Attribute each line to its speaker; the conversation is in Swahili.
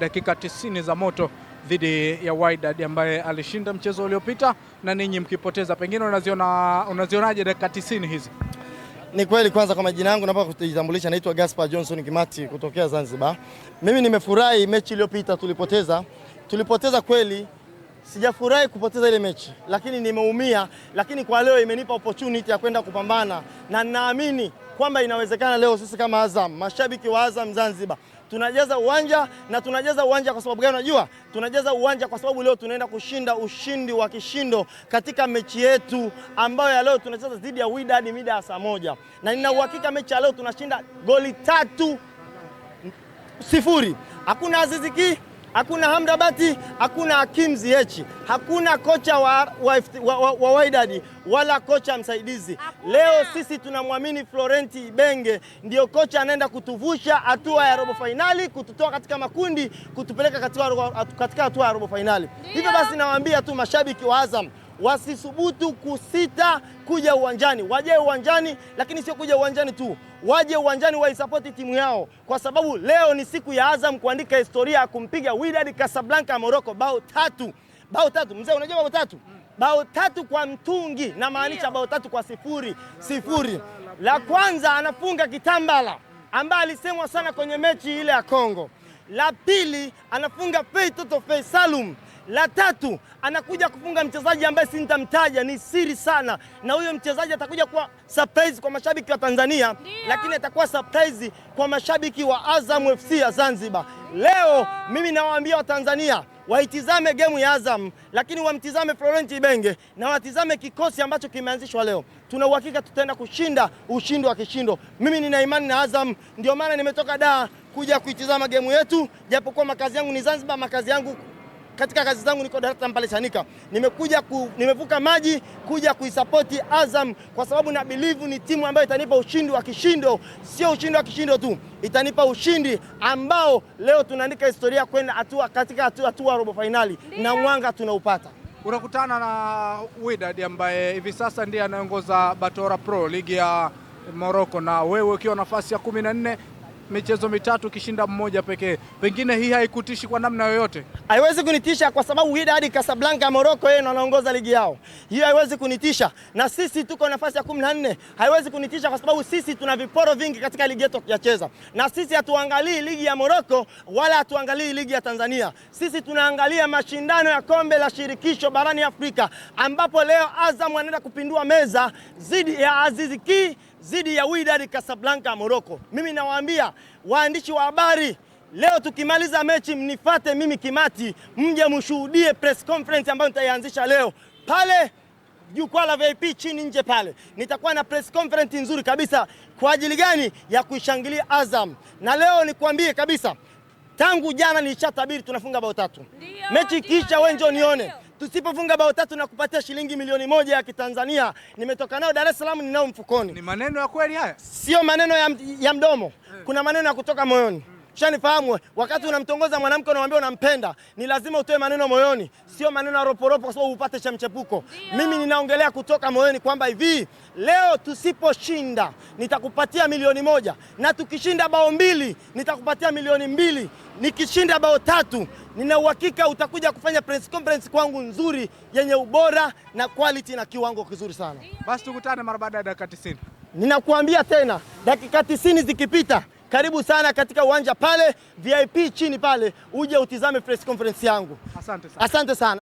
Speaker 1: dakika 90 za moto dhidi ya Wydad ambaye alishinda mchezo uliopita na ninyi mkipoteza. Pengine unaziona unazionaje dakika 90 hizi?
Speaker 2: Ni kweli, kwanza kwa majina yangu naomba kujitambulisha, naitwa Gaspar Johnson Kimati kutokea Zanzibar. Mimi nimefurahi mechi iliyopita tulipoteza, tulipoteza kweli Sijafurahi kupoteza ile mechi, lakini nimeumia, lakini kwa leo imenipa opportunity ya kwenda kupambana, na naamini kwamba inawezekana leo sisi kama Azam, mashabiki wa Azam Zanzibar tunajaza uwanja na tunajaza uwanja kwa sababu gani? Unajua, tunajaza uwanja kwa sababu leo tunaenda kushinda ushindi wa kishindo katika mechi yetu ambayo ya leo tunacheza dhidi ya Wydad mida ya saa moja, na nina uhakika mechi ya leo tunashinda goli tatu sifuri. Hakuna Aziziki hakuna Hamdabati, hakuna Hakim Ziyech, hakuna kocha wa, wa, wa, wa, wa Wydad wala kocha msaidizi hakuna. Leo sisi tunamwamini Florenti Ibenge ndio kocha anaenda kutuvusha hatua ya robo fainali, kututoa katika makundi, kutupeleka katika hatua ya robo fainali. Hivyo basi nawaambia tu mashabiki wa Azam wasisubutu kusita kuja uwanjani, waje uwanjani, lakini sio kuja uwanjani tu waje uwanjani waisapoti timu yao, kwa sababu leo ni siku ya Azam kuandika historia ya kumpiga Wydad Casablanca Morocco bao tatu, bao tatu. Mzee, unajua bao tatu bao tatu kwa mtungi, na maanisha bao tatu kwa sifuri sifuri. La kwanza anafunga Kitambala ambaye alisemwa sana kwenye mechi ile ya Kongo. La pili anafunga Feitoto Feisalum la tatu anakuja kufunga mchezaji ambaye si nitamtaja, ni siri sana, na huyo mchezaji atakuja kuwa surprise kwa mashabiki wa Tanzania Dio. Lakini atakuwa surprise kwa mashabiki wa Azam FC ya Zanzibar. Leo mimi nawaambia Watanzania waitizame gemu ya Azam, lakini wamtizame Florent Ibenge na watizame kikosi ambacho kimeanzishwa leo. Tuna uhakika tutaenda kushinda ushindi wa kishindo. Mimi nina imani na Azam, ndio maana nimetoka Dar kuja kuitizama gemu yetu, japokuwa makazi yangu ni Zanzibar, makazi yangu katika kazi zangu niko Dar es Salaam pale Chanika, nimekuja ku, nimevuka maji kuja kuisapoti Azam kwa sababu na believe ni timu ambayo itanipa ushindi wa kishindo, sio ushindi wa kishindo tu, itanipa ushindi ambao leo tunaandika historia kwenda hatua katika hatua robo fainali, na mwanga tunaupata
Speaker 1: unakutana na Wydad ambaye hivi sasa ndiye anaongoza Batora Pro ligi ya Morocco, na wewe ukiwa nafasi ya kumi na nne michezo mitatu kishinda mmoja pekee, pengine hii haikutishi kwa namna yoyote?
Speaker 2: Haiwezi kunitisha kwa sababu Wydad Casablanca ya Morocco yeye anaongoza ligi yao, hiyo haiwezi kunitisha, na sisi tuko nafasi ya 14. na Haiwezi kunitisha kwa sababu sisi tuna viporo vingi katika ligi yetu cheza. na sisi hatuangalii ligi ya Morocco wala hatuangalii ligi ya Tanzania. Sisi tunaangalia mashindano ya kombe la shirikisho barani Afrika, ambapo leo Azam anaenda kupindua meza zidi ya Azizi Ki dhidi ya Wydad Casablanca Morocco. Mimi nawaambia waandishi wa habari leo, tukimaliza mechi mnifate mimi Kimati, mje mshuhudie press conference ambayo nitaianzisha leo pale jukwaa la VIP chini nje pale, nitakuwa na press conference nzuri kabisa kwa ajili gani ya kuishangilia Azam. Na leo nikwambie kabisa, tangu jana nilishatabiri tunafunga bao tatu. Mechi ikiisha, wewe njoo nione tusipofunga bao tatu na kupatia shilingi milioni moja ya Kitanzania. Nimetoka nayo Dar es Salaam, ninao mfukoni.
Speaker 1: Ni maneno ya kweli haya,
Speaker 2: sio maneno ya, ya mdomo. Eh. Kuna maneno ya kutoka moyoni. Mm. ushanifahamu wakati unamtongoza mwanamke unamwambia unampenda, ni lazima utoe maneno moyoni, sio maneno ya roporopo kwa sababu upate cha mchepuko. Mimi ninaongelea kutoka moyoni kwamba hivi leo tusiposhinda nitakupatia milioni moja, na tukishinda bao mbili nitakupatia milioni mbili, nikishinda bao tatu nina uhakika utakuja kufanya press conference kwangu nzuri yenye ubora na quality na kiwango kizuri sana.
Speaker 1: Basi tukutane mara baada ya dakika 90.
Speaker 2: Ninakuambia tena dakika 90 zikipita karibu sana katika uwanja pale VIP chini pale, uje utizame press conference yangu.
Speaker 1: Asante sana, asante sana.